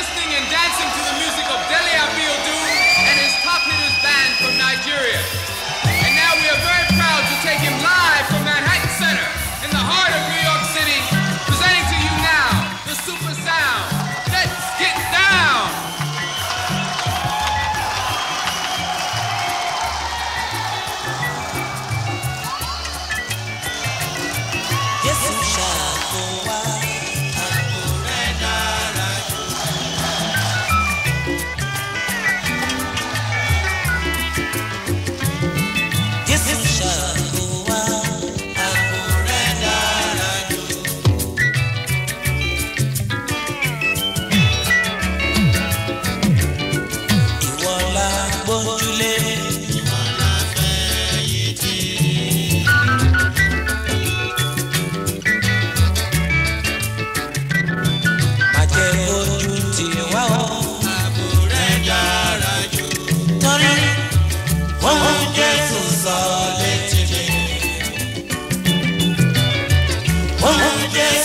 listening and dancing to the music of Delia Abiodun and his top hitters band from Nigeria.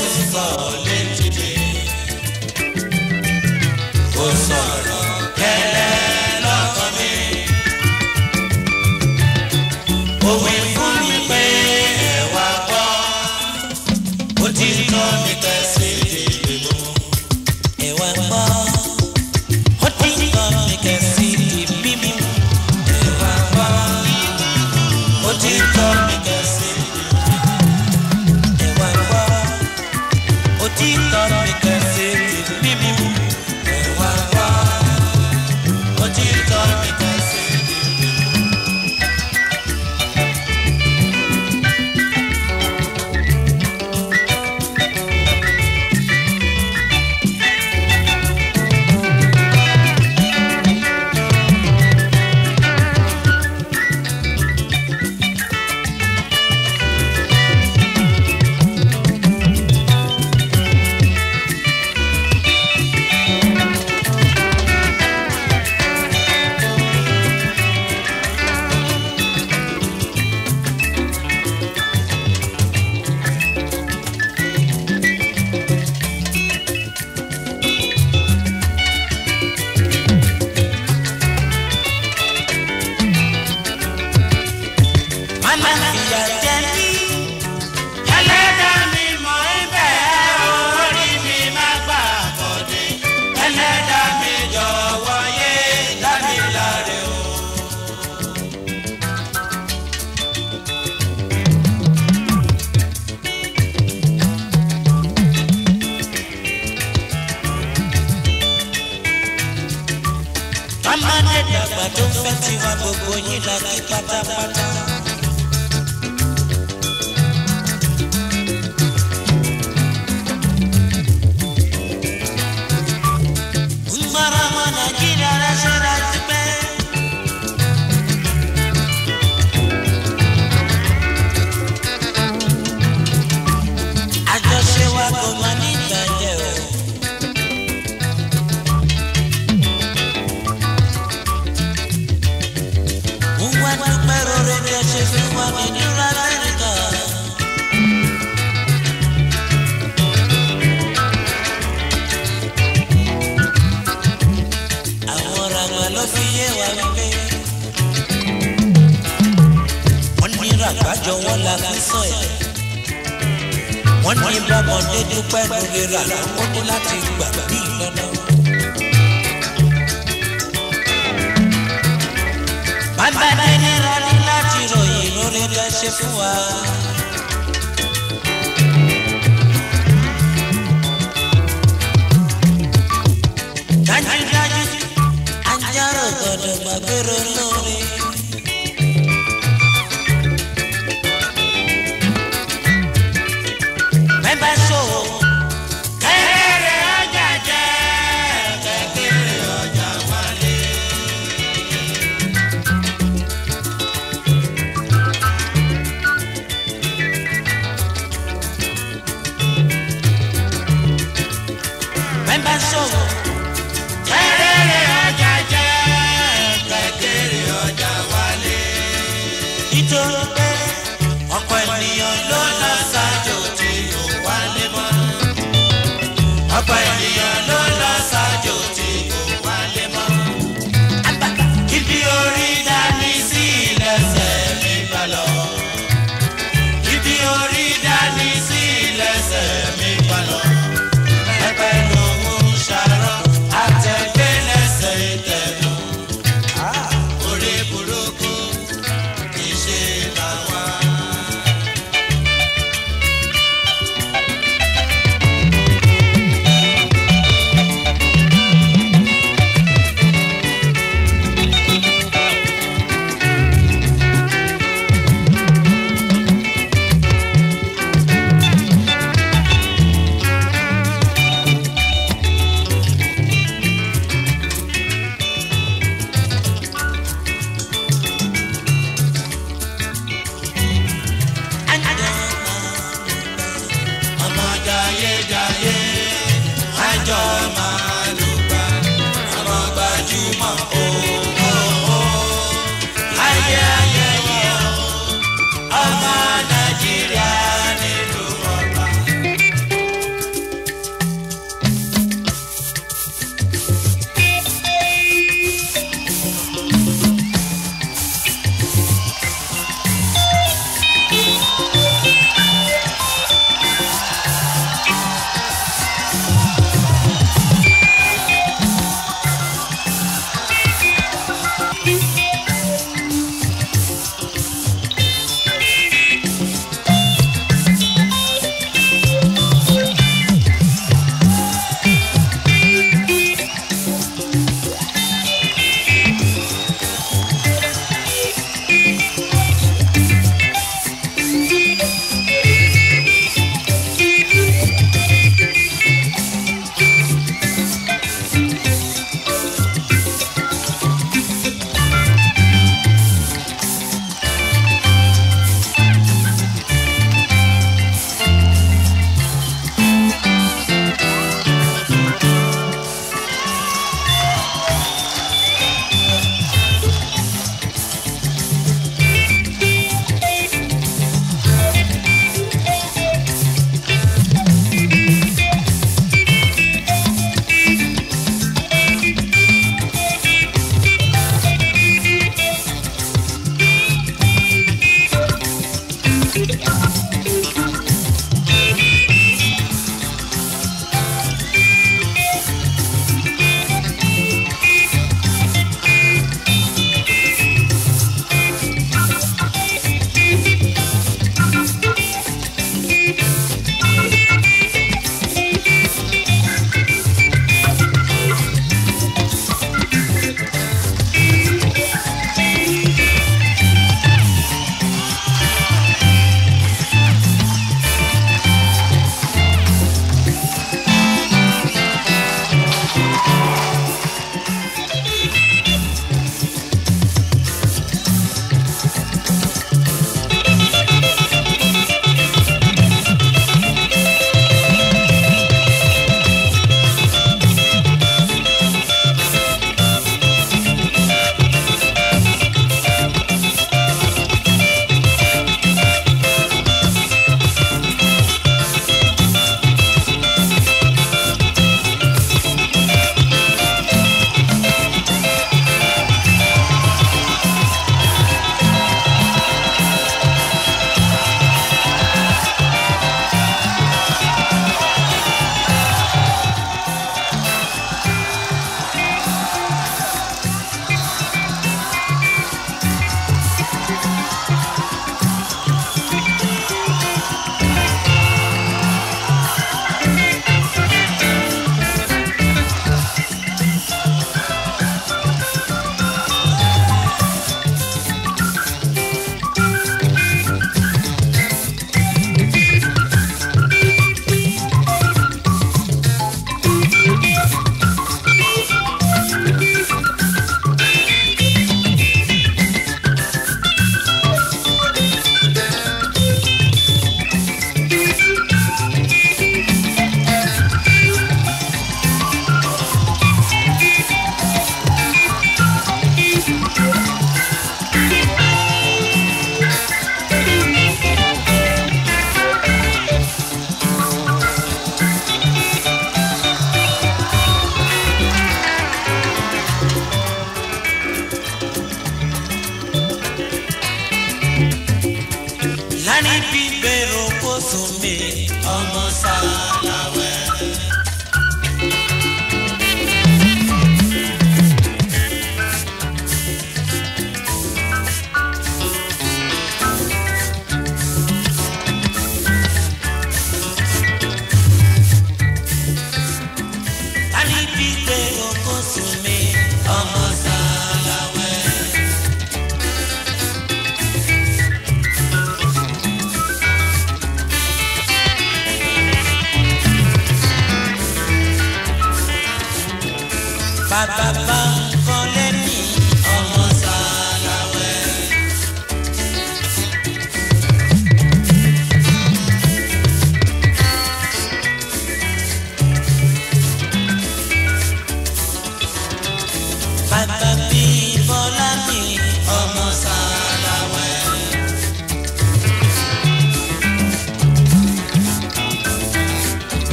is falling. àjọ wọn la fi sàn ẹ̀. wọ́n ní bọ́mọdé dúpẹ́ lórí rà lọ́wọ́ ní láti gbà ní ìlọ́nà. bàbá délé rọrí láti ròyìn lórí rẹ ṣe fún wa. dájúdájú ajá rògbòdò gbàgbé ronú rí.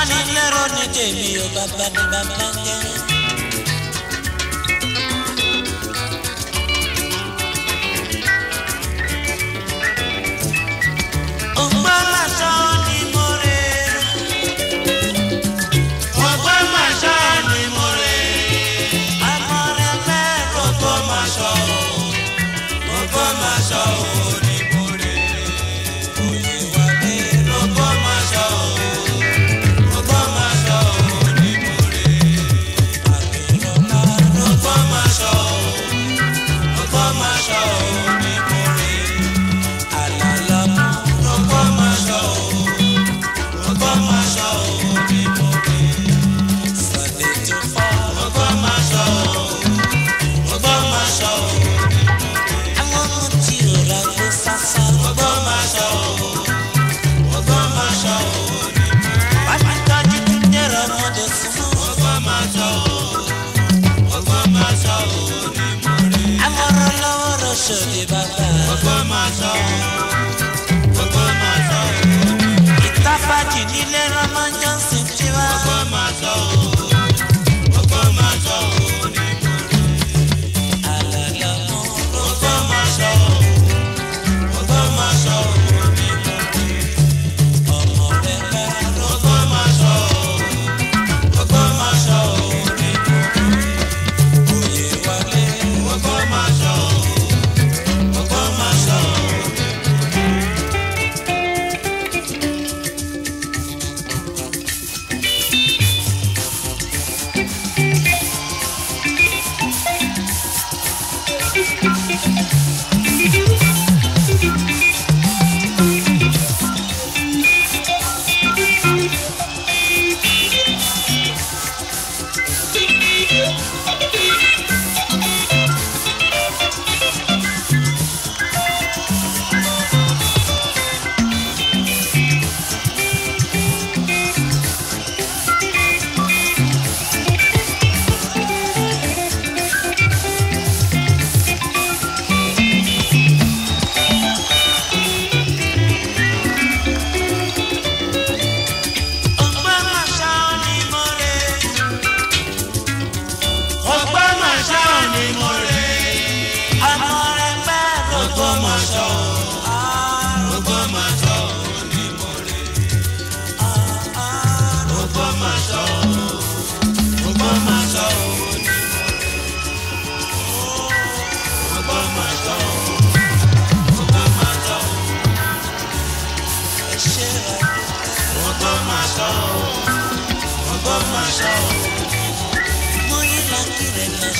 abanilẹ́rọ ní tèmi ò bàbá ní bàbá jẹ́. ògbọ́n làṣọ.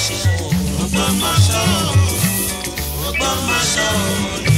Ògbómọ̀ṣọ́ Ògbómọ̀ṣọ́ Ògbómọ̀ṣọ́.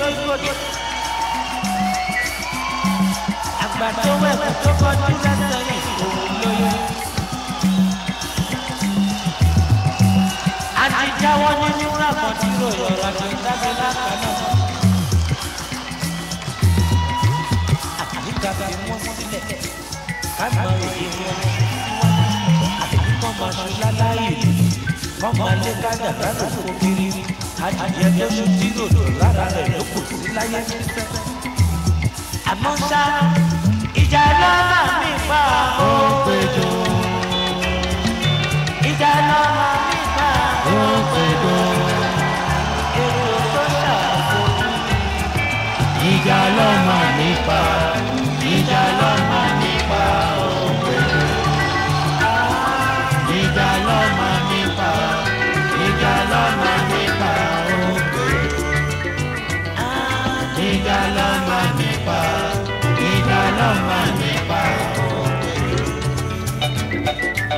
lọ́dún lójú. Àgbà tó wẹ̀kù tó kọjú lẹ́sẹ̀yìn òun lóyún. A ti jáwọ́ nínú ràpọ̀tì ròyìn ọ̀rọ̀ àti ìdájọ́ lápá náà. Àbíkà fi wọ́n sílẹ̀ ká gbọ́n òye wọn. Àbíkọ́ máa ṣe adìẹ tó ṣe dídòdò lára rẹ̀ ló kù sí láyé fífẹ́. àmọ́ ṣá ìjà lọ́mà mi pa ó péjọ. ìjà mi pa ó péjọ. èrò tó ṣàkóso. ìjà lọ́mà mi pa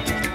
Thank you.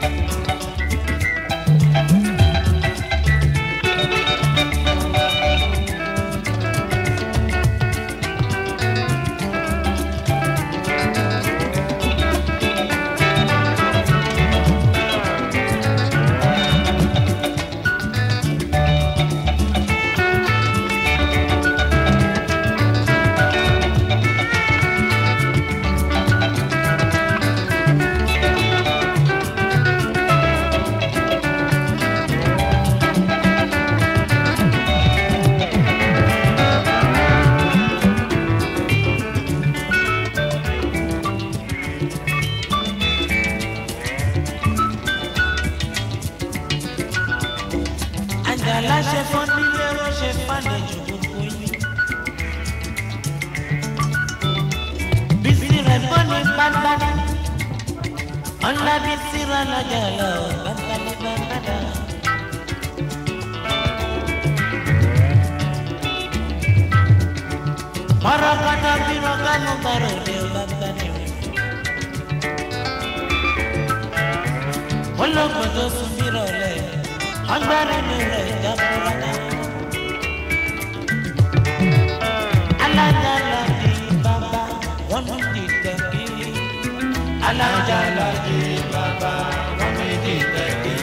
alájà láti bàbá wọn méjì tẹ̀lé.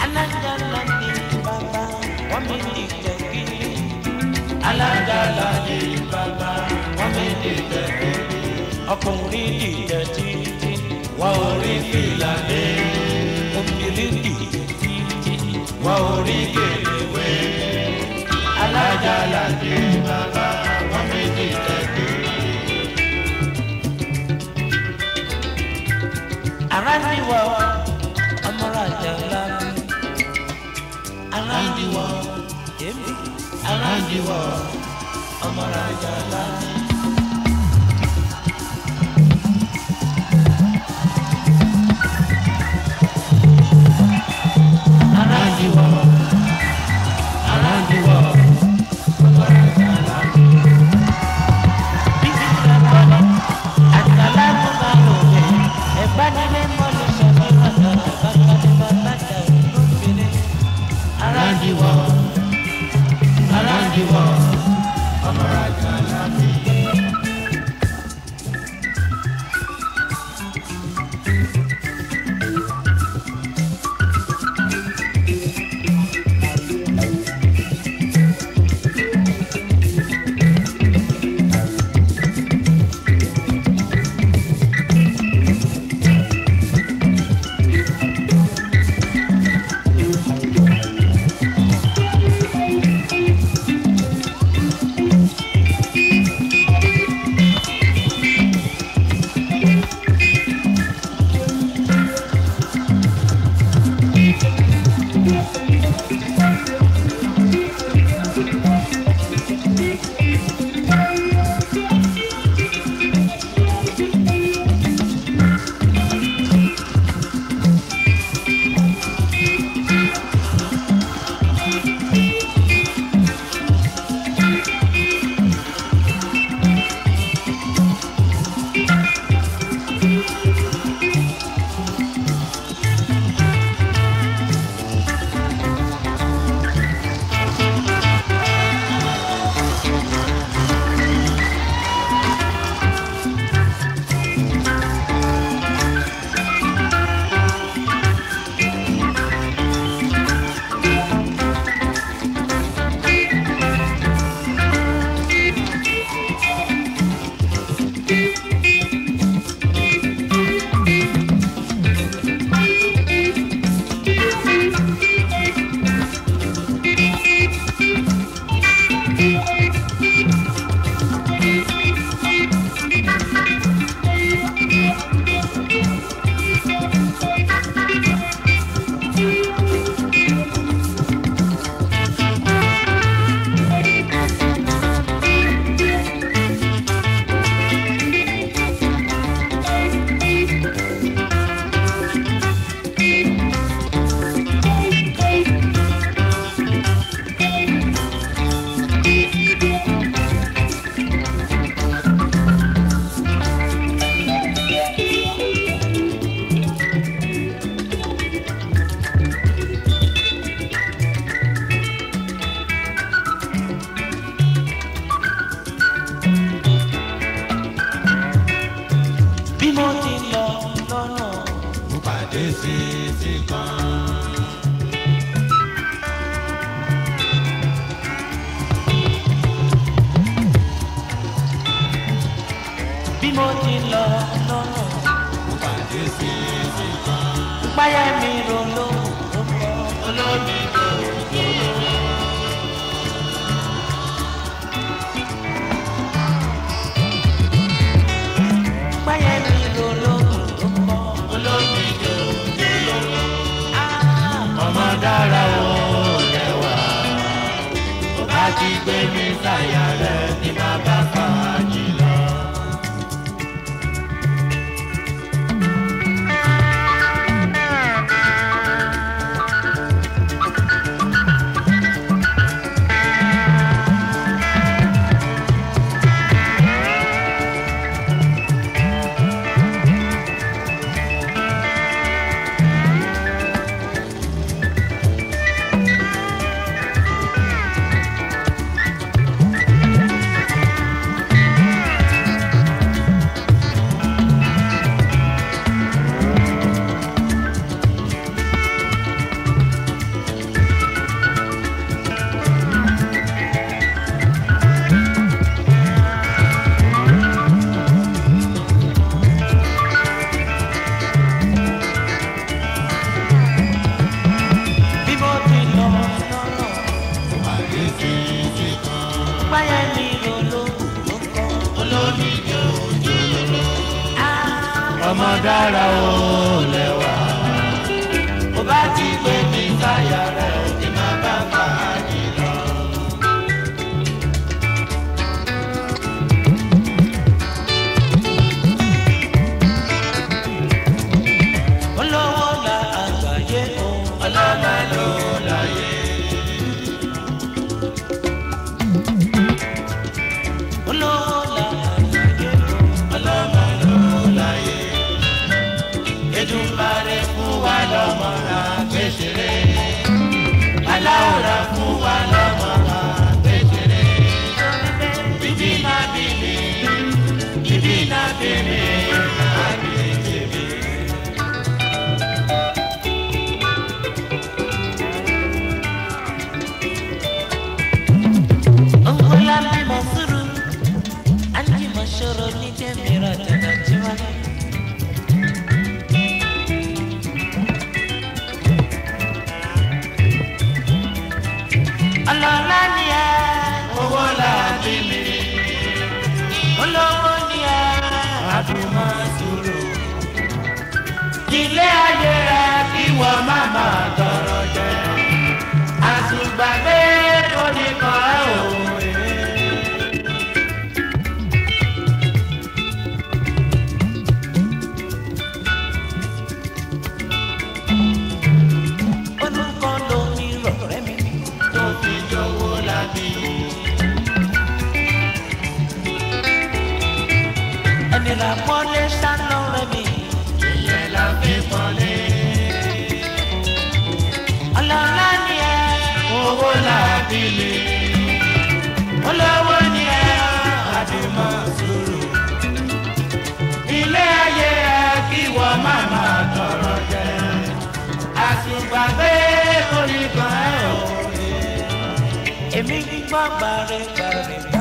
alájà láti bàbá wọn méjì tẹ̀lé. alájà láti bàbá wọn méjì tẹ̀lé. ọkùnrin dìde títí wà orí fìlà dé. obìnrin dìde títí wà orí gèlè wé alájà láti bàbá around the world, around the world, ọmọ rajà lánàá. ọlọ́lá ni ẹ owó làbí lè olówó ni ẹ àdìmọ̀ sùúrù ilé ayé ẹ kí wọ́n má má tọrọ jẹ àtùgbàgbé orí kan ẹ ò rí èmi gbọ́ gbàrẹ́gbàrẹ́.